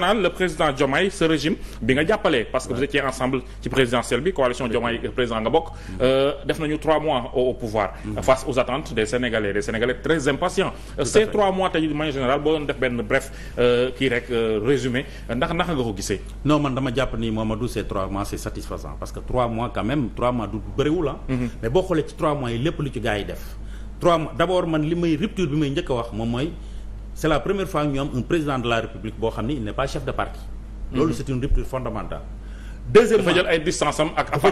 constitutionnel le président Diomaye ce régime bi nga jàppale parce que vous étiez ensemble ci présidentielle bi coalition Diomaye euh, président nga bokk euh, def nañu trois mois au, pouvoir mm-hmm. face aux attentes des Sénégalais des Sénégalais très impatients euh, ces trois mois tey de manière boo def benn bref kii rek résumé ndax naka nga ko gisee non man dama jàpp ni Mamadou ces trois mois c'est parce que trois mois quand même trois mois du bëriwul mm-hmm. mais boo xoolee ci trois mois lu ci gars yi def trois mois d'abord man wax moom mooy c'est la première fois ñu am un président de la république boo xam ni il n'est pas chef de parti. loolu mhm. c'est une rupture fondamentale. deuxièmement dafa jël ay distance ak. dafa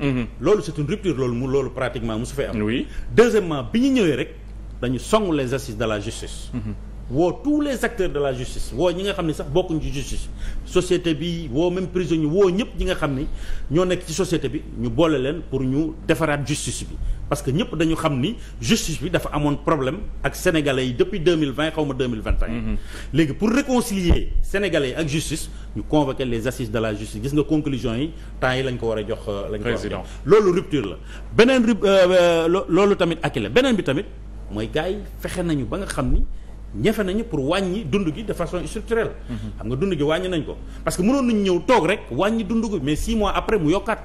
mhm. loolu c'est une rupture loolu mu loolu pratiquement mu su fee am. deuxièmement bi ñu ñëwee rek dañu song les assises de la justice. Mhm. woo tous les acteurs de la justice woo ñi nga xam ne sax bokkuñ ci justice société bi woo même prisonnier woo ñëpp ñi nga xam ni ñoo nekk ci société bi ñu boole leen pour ñu defaraat justice bi parce que ñëpp dañu xam ni justice bi dafa amoon problème ak sénégalais yi depuis deux mille vingt xaw ma deux mille vingt et un mm-hmm. léegi pour réconcilier sénégalais yi ak justice ñu convoqué les assises de la justice gis nga conclusion yi temps yi lañ ko war a jox euh, lañ ko loolu rupture la beneen rupture euh, euh, loolu tamit ak la beneen bi tamit mooy gars yi fexe nañu ba nga xam ni ñefe nañu pour wàññi dund gi de façon structurelle. Mhm. xam nga dund gi wàññi nañ ko parce que mënoon nañu ñëw toog rek wàññi dund gi mais six mois après mu yokkat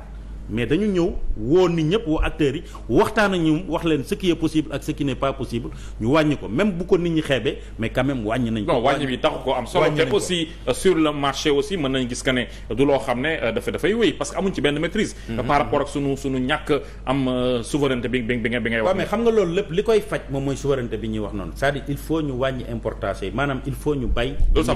mais dañu ñëw woo nit ñëpp woo acteurs yi waxtaan ak ñu wax leen ce qui est possible ak ce qui n'est pas possible ñu wàññi ko même bu ko nit ñi xeebee mais quand wàññi nañ ko. non wàññi bi taxu ko am solo te aussi euh, sur le marché aussi mën nañ gis que ne du loo xam ne euh, dafa dafay wéy parce que amuñ ci benn maîtrise. Mm-hmm. par rapport ak sunu sunu ñàkk am euh, souveraineté bi bi bi ngay wax. xam nga loolu lépp li koy faj moom mooy souveraineté bi ñuy wax noonu cest à il faut ñu wàññi importation yi il faut ñu bay. loolu ça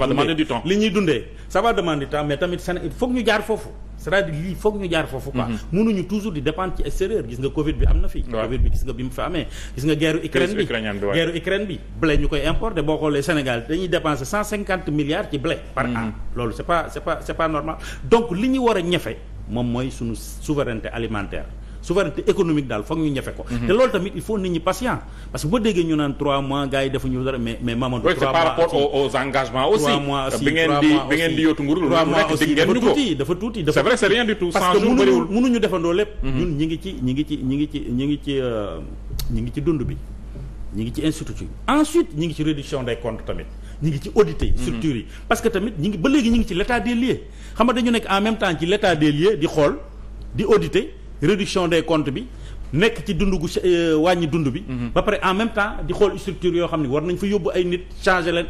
li ñuy dundee ça va demander du tamit seen il faut foofu c'est-à-dire foog ñu jaar foofu quoi mënuñu mhm. toujours di dépendre ci extérieur gis nga Covid bi am na fi Covid bi gis nga bi mu fa amee gis nga guerre Ukraine bi guerre Ukraine bi blé ñu koy importer boo xoolee Sénégal dañuy dépenser cent cinquante milliards ci blé par an mhm. loolu c'est pas c'est pas normal donc li ñu war a ñafe moom mooy suñu souveraineté alimentaire souveraineté économique daal foog ñu ñefe ko mhm. te loolu tamit il faut nit ñi patient parce que boo déggee ñu naan trois mois gars yi defuñu dara mais mais Mamadou trois mois par rapport aux engagements aussi trois mois aussi bi ngeen di bi ngeen di yootu nguur trois mois aussi dafa tuuti dafa tuuti c'est vrai c'est rien du tout parce que mënuñu mënuñu defandoo lépp mhm. ñun ñi ngi ci ñi ngi ci ñi ngi ci ñi ngi ci euh, ñi ngi ci dund bi ñi ngi ci institut ensuite ñi ngi ci réduction des comptes tamit ñi ngi ci audité yi mhm. structures yi parce que tamit ñi ngi ba léegi ñi ngi ci l'état des lieux xam nga dañu nekk en même temps ci l'état des lieux di xool di auditer réduction des comptes bi nekk ci dund gu euh, wàññi dund bi mm-hmm. ba pare en même temps di xool structure yoo xam ne war nañ fa yóbbu ay nit changer leen